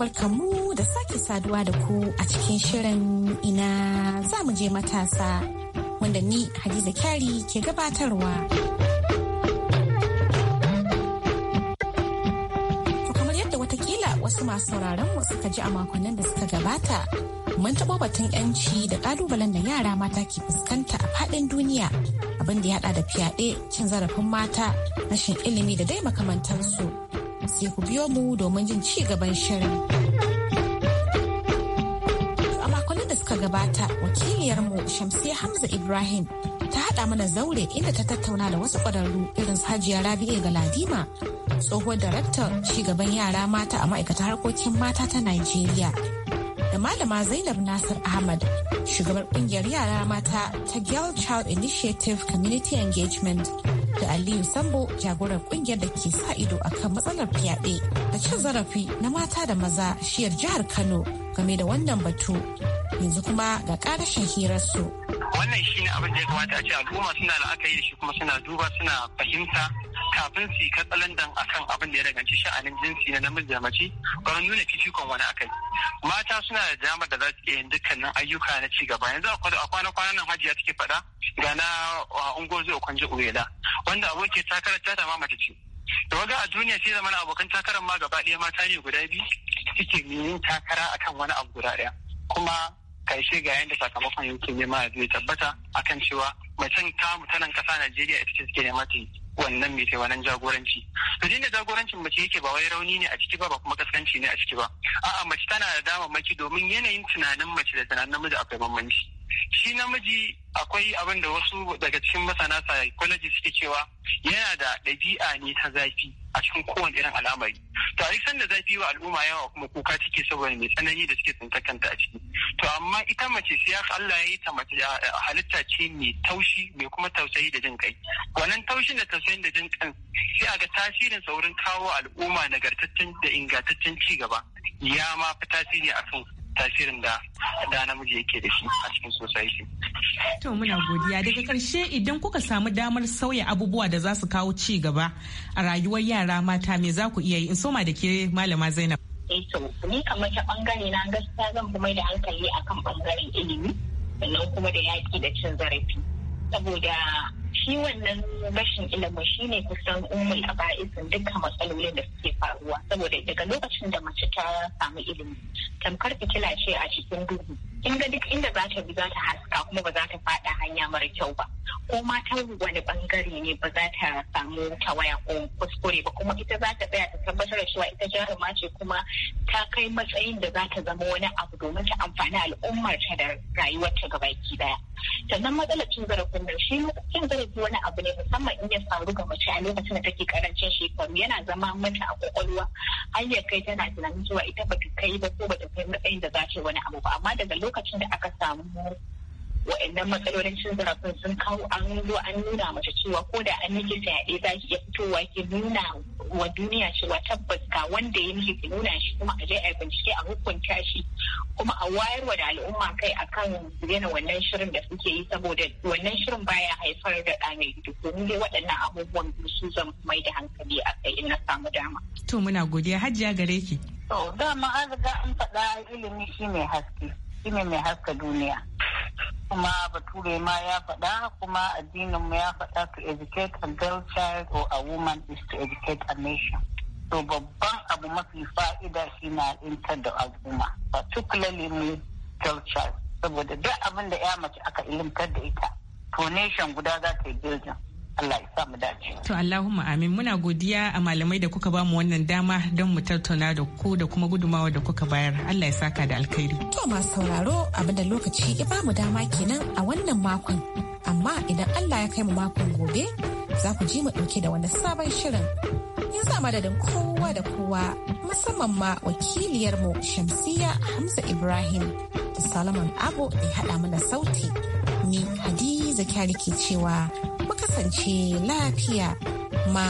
barkamu da sake saduwa da ku a cikin shirin ina za mu je matasa wanda ni Hadiza Kyari ke gabatarwa. kamar yadda watakila wasu masu mu suka ji a makonnin da suka gabata mun taɓo batun 'yanci da ƙalubalen da yara mata ke fuskanta a faɗin duniya abinda ya haɗa da fyaɗe cin zarafin mata rashin ilimi da dai makamantansu. sai ku biyo mu domin jin ci gaban shirin. A makonnin da suka gabata wakiliyarmu Shamsiyya Hamza Ibrahim ta haɗa mana zaure inda ta tattauna da wasu ƙwararru irin su Hajiya Rabi'u Galadima tsohuwar daraktar gaban yara mata a ma'aikatar harkokin mata ta Najeriya. da malama Zainab Nasir Ahmad, shugabar kungiyar yara mata ta Girl Child Initiative Community Engagement da Aliyu Sambo jagorar kungiyar da ke sa ido akan matsalar fyaɗe da cin zarafi na mata da maza shiyar jihar Kano game da wannan batu. Yanzu kuma ga ƙarashin hirarsu. Wannan shi ne abin da ya kamata a ce al'umma suna la'akari da shi kuma suna duba suna fahimta kafin su yi katsalandan akan abin da ya daganci sha'anin jinsi na namiji da mace ba nuna fifikon wani akai mata suna da damar da za su iya yin dukkanin ayyuka na ci gaba yanzu a kwana kwana nan hajiya take faɗa ga na ungozo okonjo uwela wanda aboki takarar ta ma mace ce da waga a duniya sai zamana abokan takarar ma gaba ɗaya mata ne guda biyu suke yin takara akan wani abu guda ɗaya kuma karshe ga yadda sakamakon yake nema zai tabbata akan cewa mutum ta mutanen kasa Najeriya ita ce suke nema ta yi wannan mai wannan jagoranci to da jagorancin mace yake ba wai rauni ne a ciki ba ba kuma kaskanci ne a ciki ba a'a mace tana da dama maki domin yanayin tunanin mace da tunanin namiji akwai bambanci shi namiji akwai abin da wasu daga cikin masana psychology suke cewa yana da ɗabi'a ne ta zafi a cikin kowane irin al'amari to a sanda zafi wa al'umma yawa kuma kuka take saboda mai tsanani da suke tsinta kanta a ciki to amma ita mace sai Allah ya yi ta mace halitta ce mai taushi mai kuma tausayi da jin kai wannan taushin da tausayin da jin kan sai a ga tasirin saurin kawo al'umma nagartaccen da ingantaccen ci gaba ya ma fi tasiri a kansu tasirin da da namiji yake da shi a cikin society. To muna godiya daga karshe idan kuka samu damar sauya abubuwa da za su kawo ci gaba a rayuwar yara mata me za ku iya yi in soma da ke malama Zainab. Eh to ni kamar ta bangare na gaskiya zan kuma da hankali akan bangaren ilimi sannan kuma da yaki da cin zarafi. saboda shi wannan rashin ilimin shi ne kusan umul a ba'izin duka matsalolin da suke faruwa saboda daga lokacin da mace ta samu ilimi tamkar fitila ce a cikin duhu in ga duk inda za ta bi za ta haska kuma ba za ta faɗa hanya mara kyau ba ko ma ta wani bangare ne ba za ta samu tawaya ko kuskure ba kuma ita za ta tsaya ta tabbatar da cewa ita jaruma ce kuma ta kai matsayin da za ta zama wani abu domin ta amfani al'ummar ta da rayuwar ta gabaki daya sannan matsalar cin zarafin nan shi cin zarafi wani abu ne musamman in ya faru ga mace a lokacin da take karancin shekaru yana zama mata a kwakwalwa har kai tana tunanin cewa ita ba ta kai ba ko ba ta kai matsayin da za ta wani abu ba amma daga lokacin lokacin da aka samu wa'annan matsalolin cin zarafin sun kawo an zo an nuna mace cewa ko da an yake fyaɗe za ki iya fitowa ki nuna wa duniya cewa tabbas ga wanda ya nufi ki nuna shi kuma a je a bincike a hukunta shi kuma a wayarwa da al'umma kai akan yana wannan shirin da suke yi saboda wannan shirin baya haifar da ɗa mai gidi domin dai waɗannan abubuwan su zan mai da hankali a kai in na samu dama. To muna godiya hajiya gare ki. To dama an riga an faɗa ilimi shi mai haske. shine mai haska duniya kuma bature ma ya faɗa kuma addinin mu ya faɗa to educate a girl child or a woman is to educate a nation to babban abu mafi fa'ida shi na intar da al'umma particularly mu girl child saboda duk abin da ya mace aka ilimtar da ita to nation guda za ta yi building Allah ya mu dace. To Allahumma amin muna godiya a malamai da kuka bamu wannan dama don mu tattauna da ku da kuma gudumawa da kuka bayar. Allah ya saka da alkhairi. To masu sauraro abin da lokaci ya ba mu dama kenan a wannan makon. Amma idan Allah ya kai mu makon gobe za ku ji mu ɗauke da wani sabon shirin. Yanzu a madadin kowa da kowa musamman ma wakiliyarmu Shamsiya Hamza Ibrahim da Salaman Abu ya haɗa mana sauti. Ni Hadiza Kyari ke cewa kasance lafiya ma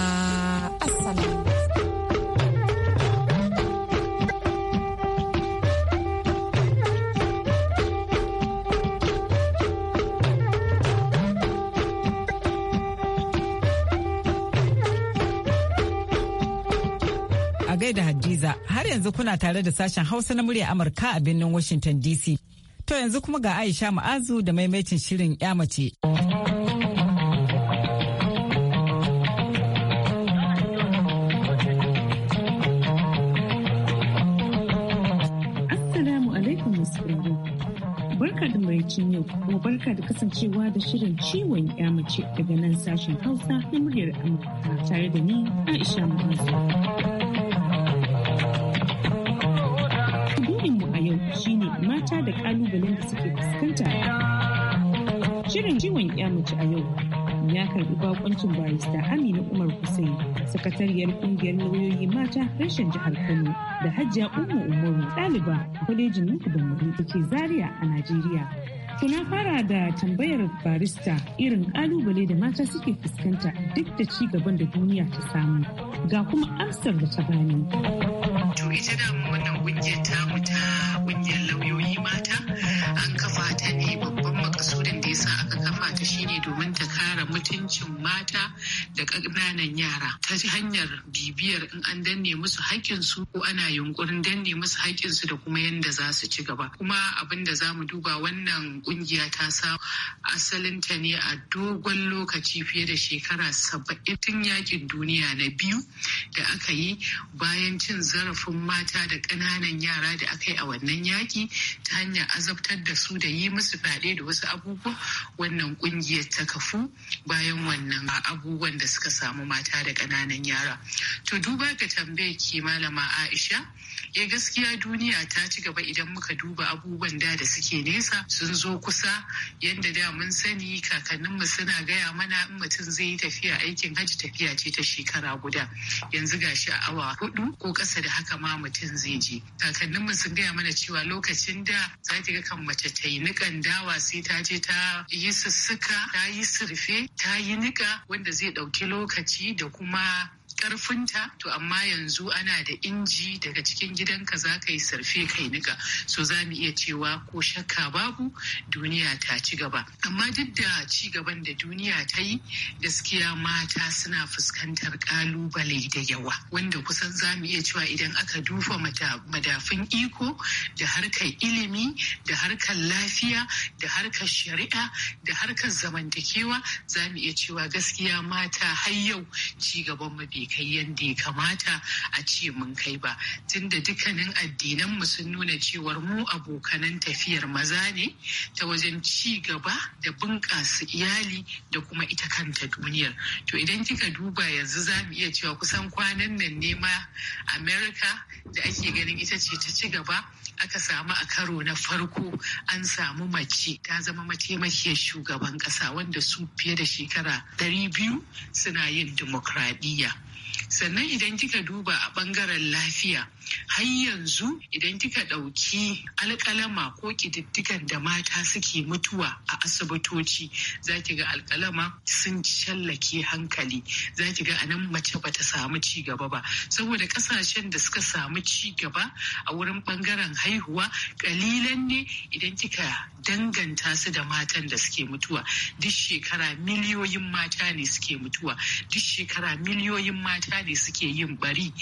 A gaida Hadiza har yanzu kuna tare da sashen Hausa na murya Amurka a birnin Washington DC. To yanzu kuma ga Aisha Ma'azu da maimaitin shirin 'ya mace. barka da kasancewa da shirin ciwon ya mace daga nan sashen Hausa na muryar Amurka tare da ni Aisha muhammadu Burinmu a yau shine mata da kalubalen da suke fuskanta. Shirin ciwon ya mace a yau ya karbi bakoncin barista Amina Umar Hussein, sakatariyar kungiyar lauyoyi mata rashin jihar Kano da Hajiya Umma Umaru ɗaliba kwalejin Nuku da Muri ke Zaria a Najeriya. To na fara da tambayar barista irin kalubale da mata suke fuskanta duk da ci gaban da duniya ta samu ga kuma amsar da ta bani. To ita da wannan kungiyar ta ta kungiyar lauyoyi mata an kafa ta ne babban makasudin da yasa aka kafa ta shine domin ta kara mutuncin mata da ƙananan yara ta hanyar bibiyar in an danne musu haƙƙinsu ko ana yunkurin danne musu haƙƙinsu da kuma yadda za su ci gaba kuma abin da za mu duba wannan ƙungiya ta samu asalinta ne a dogon lokaci fiye da shekara saba'in tun yakin duniya na biyu da aka yi bayan cin zarafin mata da ƙananan yara da aka yi a wannan yaki ta hanyar azabtar da su da yi musu fyaɗe da wasu abubuwa wannan ƙungiyar ta kafu bayan wannan abubuwan da suka samu mata da ƙananan yara to duba ka tambayar ki malama aisha eh gaskiya duniya ta ci gaba idan muka duba abubuwan da da suke nesa sun zo kusa yadda da mun sani kakanninmu suna gaya mana in mutum zai yi tafiya aikin hajji tafiya ce ta shekara guda yanzu gashi a awa hudu ko kasa da haka ma mutum zai je kakanninmu sun gaya mana cewa lokacin da za ta ga kan mace ta yi nikan dawa sai ta je ta yi sussuka ta yi surfe ta yi niƙa wanda zai ɗauki lokaci da kuma karfinta to amma yanzu ana da inji daga cikin gidanka za ka yi sarfe kai nika so za mu iya cewa ko shakka babu duniya ta ci gaba amma duk da ci gaban da duniya ta yi gaskiya mata suna fuskantar kalubale da yawa wanda kusan za mu iya cewa idan aka dufa madafin iko da harkar ilimi da harkar lafiya da harkar shari'a da harkar zamantakewa za mu iya cewa gaskiya mata har yau ci gaban mu kai yadda ya kamata a ce mun kai ba tunda dukkanin addinan mu sun nuna cewar mu abokanan tafiyar maza ne ta wajen ci gaba da bunƙasa iyali da kuma ita kanta duniyar to idan kika duba yanzu za mu iya cewa kusan kwanan nan ne ma america da ake ganin ita ce ta ci gaba aka samu a karo na farko an samu mace ta zama mataimakiyar shugaban ƙasa wanda su fiye da shekara 200 suna yin dimokuraɗiyya sannan idan kika duba a bangaren lafiya har yanzu idan kika ɗauki alƙalama ko ƙididdigan da mata suke mutuwa a asibitoci za ki ga alƙalama sun shallake hankali za ki ga anan mace ba ta samu ci gaba ba saboda ƙasashen da suka samu ci gaba a wurin bangaren haihuwa ƙalilan ne idan kika danganta su da matan da suke mutuwa duk shekara miliyoyin mata ne suke mutuwa duk shekara miliyoyin mata ne suke yin bari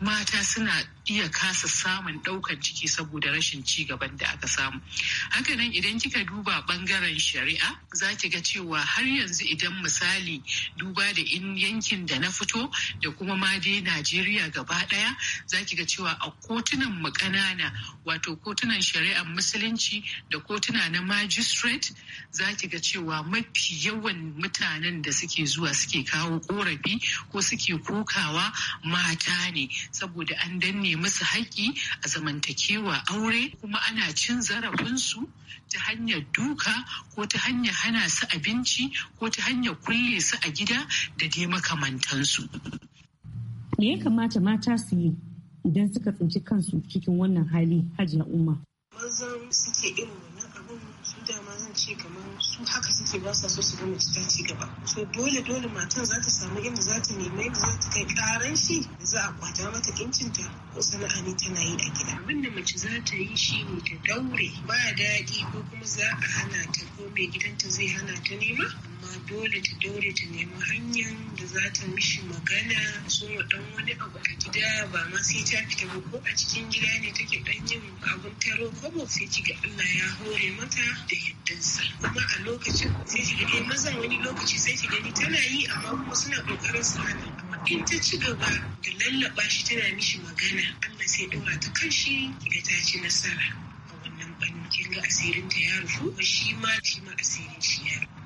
mata suna iya kasa samun daukan ciki saboda rashin ci gaban da aka samu hakanan idan kika duba bangaren shari'a za ki ga cewa har yanzu idan misali duba da in yankin da na fito da kuma ma dai najeriya gaba ɗaya za ki ga cewa a kotunan mu ƙanana wato kotunan shari'ar musulunci da kotuna na magistrate za ki ga cewa mafi yawan mutanen da suke zuwa suke kawo korafi ko suke kokawa mata ne saboda an danne tauye musu haƙƙi a zamantakewa aure kuma ana cin zarafinsu ta hanyar duka ko ta hanyar hana su abinci ko ta hanyar kulle su a gida da dai makamantansu. Me ya kamata mata su yi idan suka tsinci kansu cikin wannan hali hajiya umma? Mazan suke irin wannan abin su dama zan ce kamar su haka suke ba sa so su ga mace ta ci gaba so dole dole matan za ta samu inda za ta nema inda za ta kai karan shi za a kwata mata kincinta ko sana'a ne tana yi a gida abin da mace za ta yi shi ne ta daure ba daɗi ko kuma za a hana ta ko mai gidanta zai hana ta nema amma dole ta daure ta nemi hanyar da za ta mishi magana so ma dan wani abu a gida ba ma sai ta fita ba ko a cikin gida ne take dan yin abun taro kobo sai ki ga Allah ya hore mata da makwabtansa kuma a lokacin sai ki gani mazan wani lokaci sai ta gani tana yi amma kuma suna kokarin su hana in ta ci gaba da lallaba shi tana mishi magana Allah sai ɗora ta kan shi ta ci nasara a wannan bannin kin ga asirin ta ya rufu shi ma shi ma asirin shi ya rufu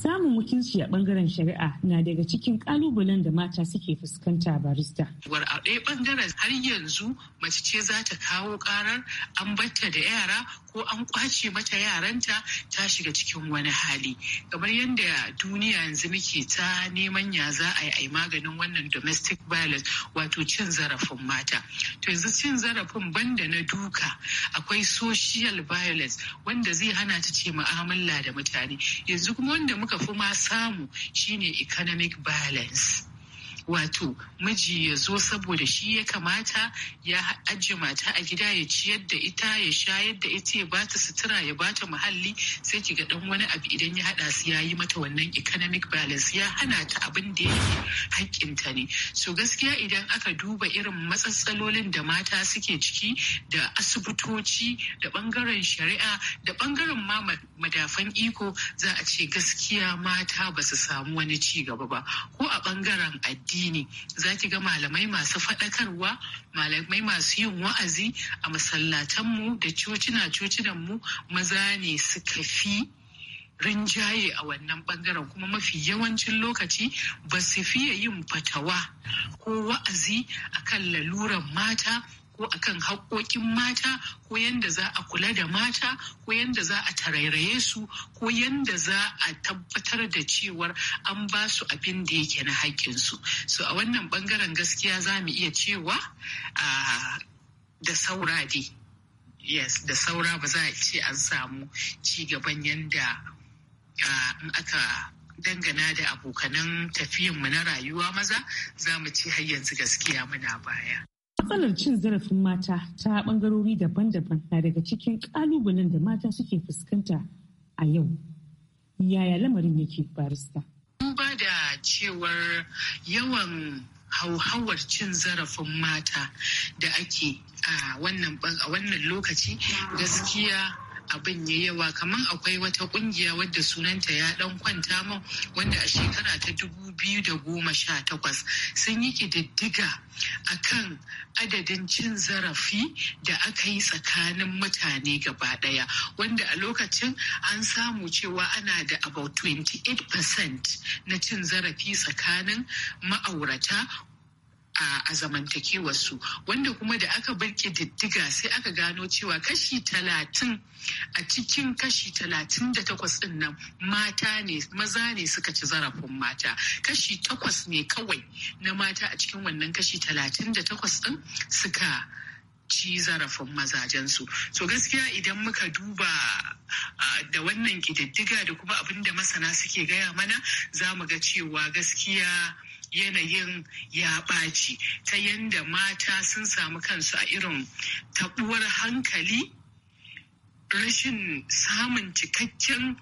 samun wakilci a bangaren shari'a na daga cikin kalubalen da mata suke fuskanta barista. War a ɗaya bangaren har yanzu mace ce za ta kawo karar an batta da yara ko an kwace mata yaranta ta shiga cikin wani hali. Kamar yadda duniya yanzu muke ta neman ya za a yi maganin wannan domestic violence wato cin zarafin mata. To yanzu cin zarafin banda na duka akwai social violence wanda zai hana ta ce mu'amala da mutane. Yanzu kuma wanda muka fi ma samu shine economic balance wato miji ya zo saboda shi ya kamata ya ajiye mata a gida ya ciyar da ita ya shayar da ita ya bata sutura ya bata muhalli sai ki ga dan wani abu idan ya hada su ya yi mata wannan economic balance ya hana ta abin da ya yake ta ne so gaskiya idan aka duba irin matsatsalolin da mata suke ciki da asibitoci da bangaren shari'a da bangaren ma madafan iko za a ce gaskiya mata ba su samu wani ci gaba ba ko a bangaren addini addini za ki ga malamai masu faɗakarwa malamai masu yin wa'azi a masallatanmu da cocina cocinanmu maza ne suka fi rinjaye a wannan bangaren kuma mafi yawancin lokaci ba su fiye yin fatawa ko wa'azi a kan laluran mata ko akan haƙoƙin mata ko yadda za a kula da mata ko yadda za a tarairaye su ko yadda za a tabbatar da cewar an ba su abin da yake na haƙƙinsu so a wannan bangaren gaskiya za mu iya cewa da saura dai yes da saura ba za a ce an samu ci gaban yadda in aka dangana da abokanan tafiyanmu na rayuwa maza za mu ci har yanzu gaskiya muna baya. Matsalar cin zarafin mata ta bangarori daban-daban na daga cikin kalubalen da mata suke fuskanta a yau. Yaya lamarin yake barista? Mun ba da cewar yawan hauhawar cin zarafin mata da ake a wannan lokaci gaskiya abin ya yawa kamar akwai wata kungiya wadda sunanta ya dan kwanta min wanda a shekara ta dubu biyu da goma sha takwas sun yi kididdiga kan adadin cin zarafi da aka yi tsakanin mutane gaba daya wanda a lokacin an samu cewa ana da about 28% na cin zarafi tsakanin ma'aurata a a zamantakewarsu wanda kuma da aka barke diddiga sai aka gano cewa kashi talatin a cikin kashi talatin da takwas ɗin nan mata ne maza ne suka ci zarafin mata kashi takwas ne kawai na mata a cikin wannan kashi talatin da takwas ɗin suka ci zarafin mazajensu to gaskiya idan muka duba da wannan ƙididdiga da kuma abin da masana suke gaya mana za mu ga cewa gaskiya yanayin ya ɓaci ta yadda mata sun samu kansu a irin taɓuwar hankali rashin samun cikakken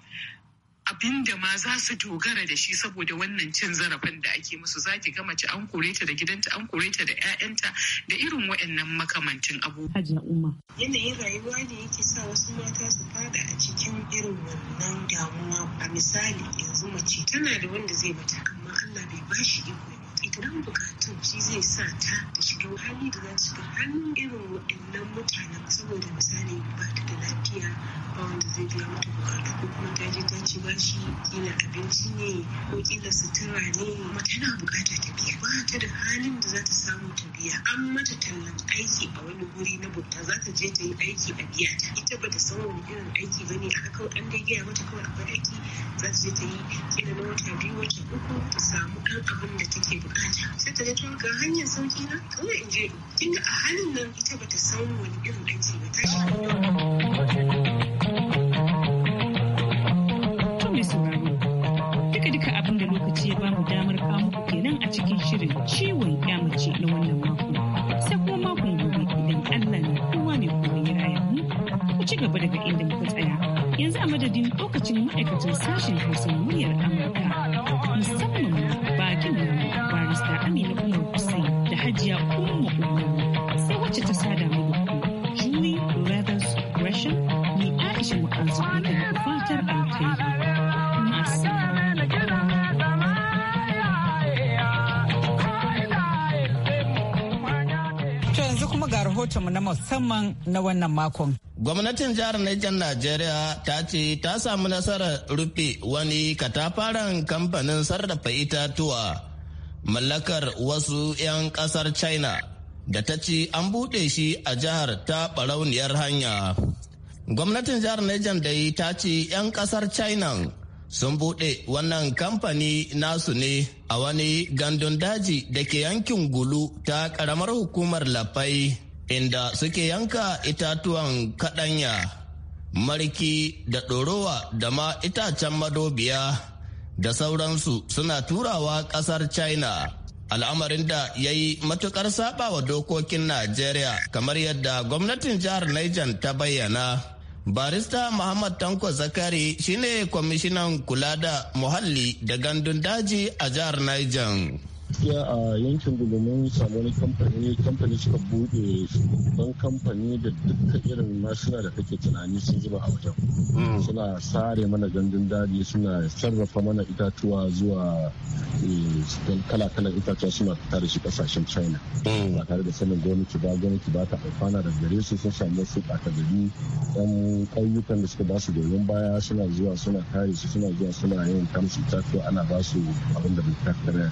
abin da ma za su dogara da shi saboda wannan cin zarafin da ake musu za ki ga mace an kore ta da gidanta an kore ta da 'ya'yanta da irin waɗannan makamancin abubuwa. Yanayin rayuwa ne yake sa wasu mata su fada a cikin irin wannan damuwa a misali yanzu mace tana da wanda zai mata kashi uku idan bukatun shi zai sa ta ta shiga hali da za shiga hannun irin waɗannan mutanen saboda misali ba ta da lafiya ba wanda zai biya mata bukatu ko kuma ta je ta ci ba shi kila abinci ne ko kila sutura ne kuma tana bukata ta biya ba ta da halin da za ta samu ta biya an mata tallan aiki a wani guri na bukta za ta je ta yi aiki a biya ta ita bata san wani irin aiki bane aka haka an dai gaya mata kawai akwai aiki za ta je ta yi kila na wata biyu wata uku ta samu ɗan abin da take bukata sai ta je to ga hanyar sauki na kawai in je kinga a halin nan ita bata san wani irin aiki ba ta shi duka-duka abin da lokaci ya bamu damar kamu kenan a cikin shirin ciwon mace na wannan mako. Sai kuma makon gobe idan Allah ne kowa ne kowa ya raya mu ku ci gaba daga inda muka tsaya. Yanzu a madadin lokacin ma'aikatan sashen Hausa muryar Amurka. mu na musamman na wannan makon. Gwamnatin jihar Niger Najeriya ta ce ta samu nasarar rufe wani katafaren kamfanin sarrafa itatuwa mallakar wasu 'yan kasar China da ta ce an buɗe shi a jihar ta barauniyar hanya. Gwamnatin jihar Niger yi ta ce 'yan kasar China sun buɗe wannan kamfani nasu ne a wani gandun daji da ke yankin gulu ta ƙaramar hukumar lafai inda suke yanka itatuwan kaɗanya, marki da ɗorowa da ma itacen madobiya da sauransu suna turawa ƙasar China. al'amarin da ya yi matukar wa dokokin Najeriya kamar yadda gwamnatin jihar Niger ta bayyana. Barista Muhammad Tanko Zakari shine kwamishinan kula da muhalli da gandun daji a jihar Niger. gaskiya a yankin gudumin samu wani kamfani kamfani suka buɗe shugaban kamfani da duka irin masuna da kake tunani sun zuba a wajen hmm. suna sare mana gandun daji suna sarrafa mana itatuwa zuwa eh, kala-kalan itatuwa suna fita da shi kasashen china hmm. ba tare da sanin gwamnati ba gwamnati ba ta amfana da gare su sun samu su ɓata gari yan ƙauyukan da suka basu su baya suna zuwa suna kare su suna zuwa suna yin kamsu itatuwa ana ba su abin da bai tattara ya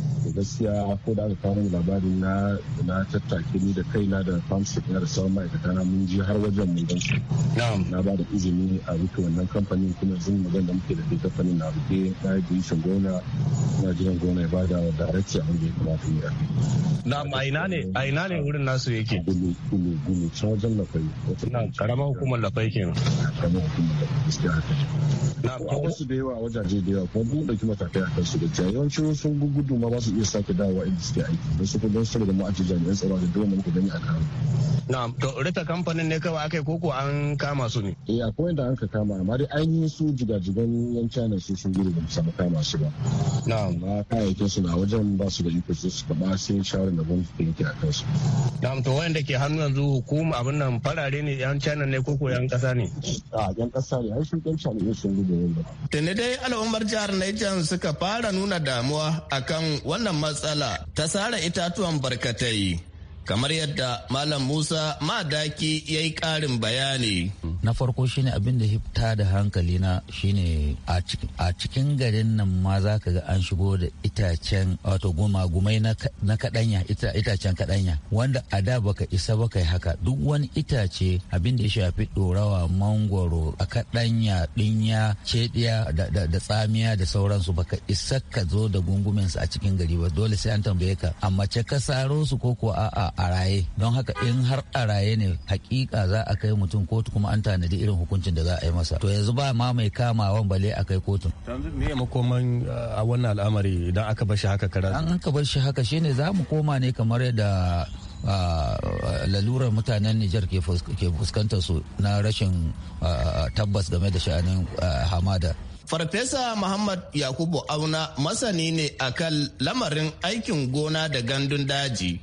to gaskiya ko da aka kawo labarin na na tattake ni da kaina da famsu na da sauran ma'aikata na mun ji har wajen mun gan su na ba da izini a rufe wannan kamfanin kuma yanzu magana da muke da ke kamfanin na rufe na yi bilishin gona na jiran gona ya ba da darakci a wanda ya kamata ya na a ina ne a ina ne wurin nasu yake gulu gulu gulu can wajen lafai na karamar hukumar lafai na karamar hukumar lafai gaskiya haka na su da yawa wajaje da yawa kuma kima ta matakai a kansu da yawancin sun gudu ma ba su su iya sake dawowa inda suke aiki don su kuma su da mu ake jami'an tsaro da dole muka gani a kan na to rita kamfanin ne kawai akai koko an kama su ne eh akwai inda an ka kama amma dai ainihin su jigajigan yan China su sun gudu da musamman kama su ba na amma kayayyakin su na wajen ba su da iko su su kama sai shawarar da gwamnati yake a su. na to wanda ke hannu yanzu hukuma abin nan farare ne yan China ne koko yan kasa ne a yan kasa ne ai shi yan China ne sun gudu wanda. tunda dai al'ummar jihar Niger suka fara nuna damuwa akan wannan wannan matsala ta sare itatuwan barkatai kamar yadda malam musa madaki ya yi karin bayani na farko shine abin da hifta da hankali na shine a cikin garin nan ma za ka ga an shigo da itacen wato gumai na kadanya itacen kadanya wanda a da baka isa baka yi haka duk wani itace abin da ya shafi dorawa mangoro a kadanya dinya cediya da tsamiya da sauransu baka isa ka zo da gungumensu a cikin gari ba dole sai an tambaye ka amma ce ka saro su ko ko a'a a raye don haka in har a raye ne hakika za a kai mutum kotu kuma an tanadi irin hukuncin da za a yi masa to yanzu ba ma mai kamawa bale a kai kotun yanzu ya makoman eh, a wannan al'amari idan aka bar shi haka kara an aka bar shi haka shine za mu koma ne kamar yadda ah, lalurar mutanen Nijar ke fuskantar su na rashin ah, tabbas game da sha'anin ah, hamada. Farfesa Muhammad Yakubu Auna masani ne akan lamarin aikin gona da gandun daji.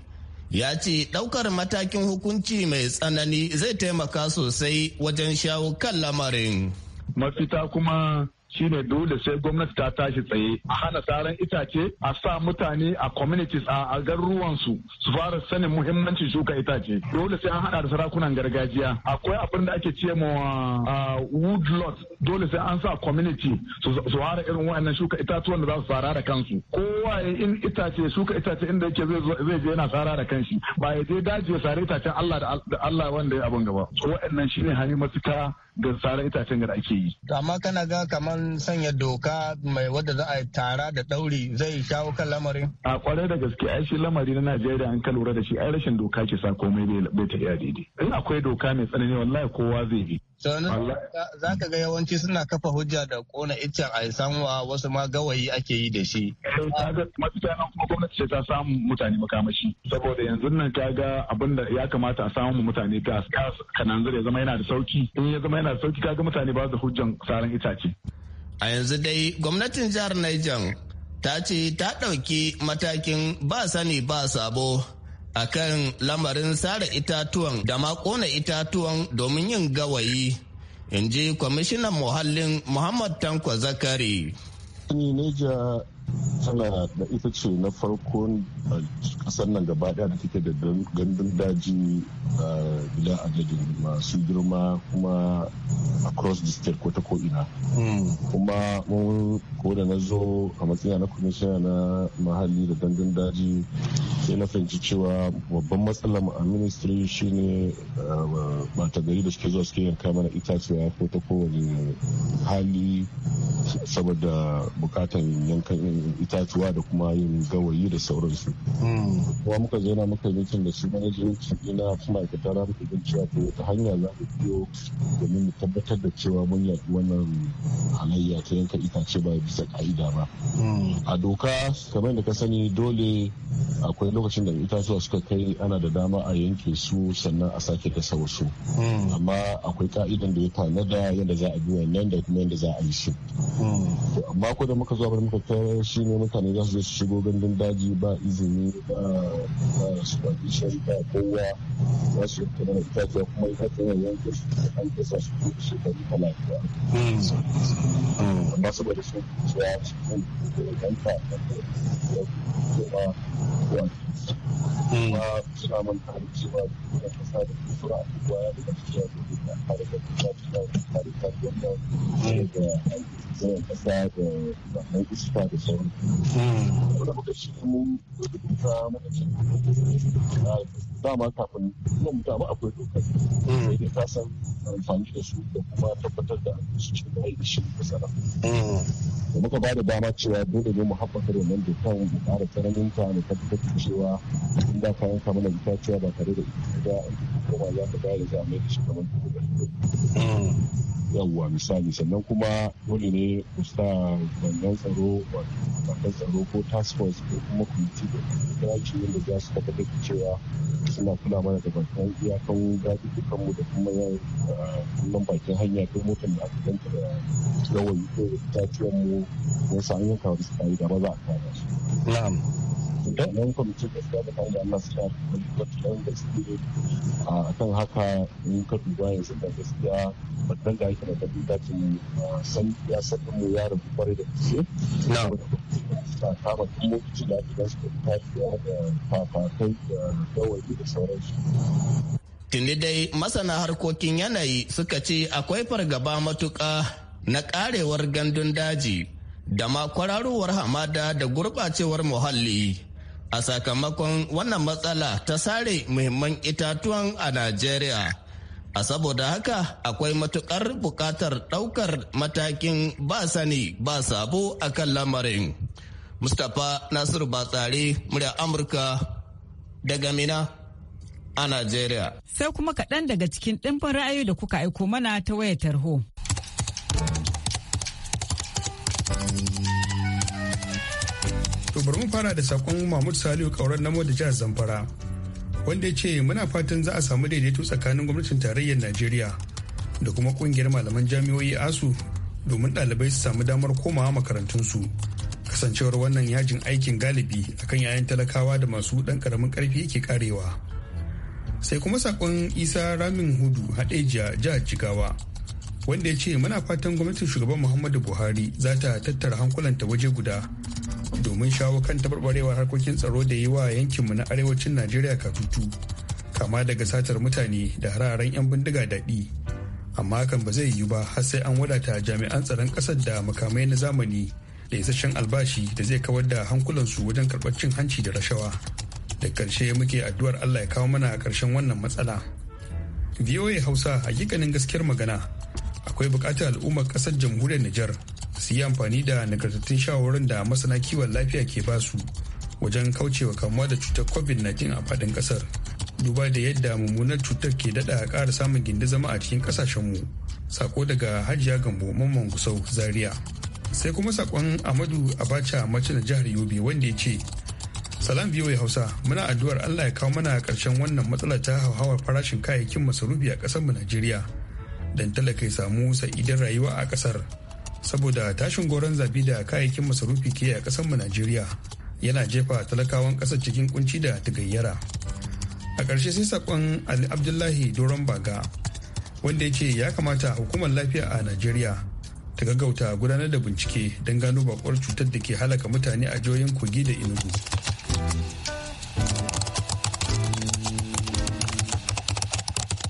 ya ce ɗaukar matakin hukunci mai tsanani zai taimaka sosai wajen shawo kan lamarin. Mafita kuma shine dole sai gwamnati ta tashi tsaye a hana saran itace a sa mutane a communities a garuruwan su su fara sanin muhimmancin shuka itace dole sai an hada da sarakunan gargajiya akwai abin da ake ce ma woodlot dole sai an sa community su fara irin wa'annan shuka itatuwan da za su fara da kansu kowa in itace shuka itace inda yake zai je yana fara da kanshi ba ya je daji ya sare itacen Allah da Allah wanda ya abin gaba wa'annan shine hanyar mafita da tsara itacen da ake yi. Amma kana ga kamar sanya doka mai wadda za a yi tara da ɗauri zai shawo kan lamarin? A kwarai da gaske ai shi lamari na Najeriya an ka lura da shi ai rashin doka ke sa komai bai tafiya daidai. In akwai doka mai tsanani wallahi kowa zai yi. za ka ga yawanci suna kafa hujja da kona iccen a sanwa wasu ma gawayi ake yi da shi. mafita ta kuma gwamnati ce ta samu mutane makamashi saboda yanzu nan ta ga abin da ya kamata a samu mutane gas gas kananzir ya zama yana da sauki in ya zama yana da sauki ga mutane ba su hujjan saran itace. a yanzu dai gwamnatin jihar Niger ta ce ta ɗauki matakin ba sani ba sabo akan lamarin sare itatuwan da ma kona itatuwan domin yin gawayi in ji kwamishinan muhallin muhammad tanko zakari. tana da ita ce na farko a kasar nan gaba daya da take da gandun daji a bila adadin masu girma kuma across the state ko ta ko'ina hmm. kuma mun ko da na zo a matsayin na kwamishina na mahalli da gandun daji sai na fahimci cewa babban matsala a ministry shine bata gari da suke zuwa suke yanka mana itacewa ko ta kowane hali saboda bukatan yankan itatuwa da kuma yin gawayi da sauransu kuma muka zauna muka yi da su manajanci ina kuma aikata ramu da cewa ta wata hanya za mu biyo domin mu tabbatar da cewa mun yaƙi wannan halayya ta yanka itace ba bisa ka'ida ba a doka kamar da ka sani dole akwai lokacin da itatuwa suka kai ana da dama a yanke su sannan a sake dasa wasu amma akwai ka'idan da ya tanada yadda za a bi wannan da kuma yadda za a yi su. amma ko da muka zo muka kai shi ne mutane za su shigo gandun daji ba izini ba supervision ba kowa za su yi da itaciya kuma itaciya ne yanke su an kasa su kuma shekaru talatin amma saboda sun kusa cikin inganta da kuma kuma suna manta da cewa da kasa da kusura abubuwa ya daga cikin yanzu da kare da kusa cikin kare da kusa da kare da kasa da kasa da kasa da wani wanda muka shi mun rubuta muka ce dama kafin kuma mutane akwai dokar sai dai ka san amfani da su da kuma tabbatar da su ci da aiki shi da sana da muka ba da dama cewa dole ne mu haɓaka da nan dokar mu ƙara tsananin ta mu tabbatar da cewa inda kayan kamar da itaciya ba tare da ita da kuma ya ta bayar da amai da shi kamar da yawwa misali sannan kuma dole ne kusa sa bangan tsaro wato tsaro ko task force ko kuma kwamiti da kiraci da za su tabbatar da cewa suna kula mana da bakin iyakan dajukan mu da kuma kullum eh, bakin hanya ko motar da aka danta da gawayi ko itatuwan mu wasu an yanka wasu da ba za a kawo su. yan kwamitin gaskiya da kan jami'a su shafi kwamitin da suke a kan haka in ka duba yanzu da gaskiya babban da ake da tafi dacin san ya saka mu ya rabu kwarai da gaske na ta kama kuma lokaci da ake gasu da tafiya da fafakai da gawayi da sauransu tuni dai masana harkokin yanayi suka ce akwai fargaba matuƙa na karewar gandun daji da ma kwararowar hamada da gurɓacewar muhalli a sakamakon wannan matsala ta sare muhimman itatuwan a Najeriya. A saboda haka akwai matukar bukatar ɗaukar matakin ba sani ba sabo a kan lamarin. Mustapha Nasiru Batsari, murya Amurka daga Mina a Najeriya. Sai kuma kaɗan daga cikin ɗimbin ra'ayoyi da kuka aiko mana ta wayar tarho. To bari mu fara da sakon Mahmud Saliu kauran namo da jihar Zamfara. Wanda ya ce muna fatan za a samu daidaito tsakanin gwamnatin tarayyar Najeriya da kuma kungiyar malaman jami'o'i ASU domin ɗalibai su samu damar komawa makarantunsu. Kasancewar wannan yajin aikin galibi akan yayan talakawa da masu ɗan ƙaramin ƙarfi yake karewa. Sai kuma sakon Isa Ramin Hudu Haɗeja jihar Jigawa. wanda ya ce muna fatan gwamnatin shugaban muhammadu buhari za ta tattara hankulanta waje guda domin shawo kan tabarbarewar harkokin tsaro da yi wa yankinmu na arewacin najeriya katutu kama daga satar mutane da hararen 'yan bindiga daɗi amma hakan ba zai yiwu ba har sai an wadata jami'an tsaron ƙasar da makamai na zamani da isasshen albashi da zai kawar da hankulansu wajen karɓar cin hanci da rashawa da ƙarshe muke addu'ar allah ya kawo mana ƙarshen wannan matsala voa hausa hakikanin gaskiyar magana akwai buƙatar al'ummar ƙasar jamhuriyar nijar su yi amfani da nagartattun shawarar da masana kiwon lafiya ke basu wajen kaucewa kamuwa da cutar covid-19 a faɗin ƙasar duba da yadda mummunar cutar ke daɗa ƙara samun zama a cikin ƙasashenmu sako daga hajiya gambo mamman gusau zaria sai kuma sakon amadu abacha mace na jihar yobe wanda ya ce salam biyu hausa muna addu'ar allah ya kawo mana karshen wannan matsala ta hauhawar farashin kayayyakin masarufi a ƙasarmu najeriya don talaka ya samu sa'idar rayuwa a ƙasar saboda tashin goron zabi da kayayyakin masarufi ke a ƙasarmu najeriya yana jefa talakawan ƙasar cikin kunci da tagayyara a ƙarshe sai sakon ali abdullahi doron baga wanda ya ce ya kamata hukumar lafiya a najeriya ta gaggauta gudanar da bincike don gano bakwar cutar da ke halaka mutane a jihohin kogi da inugu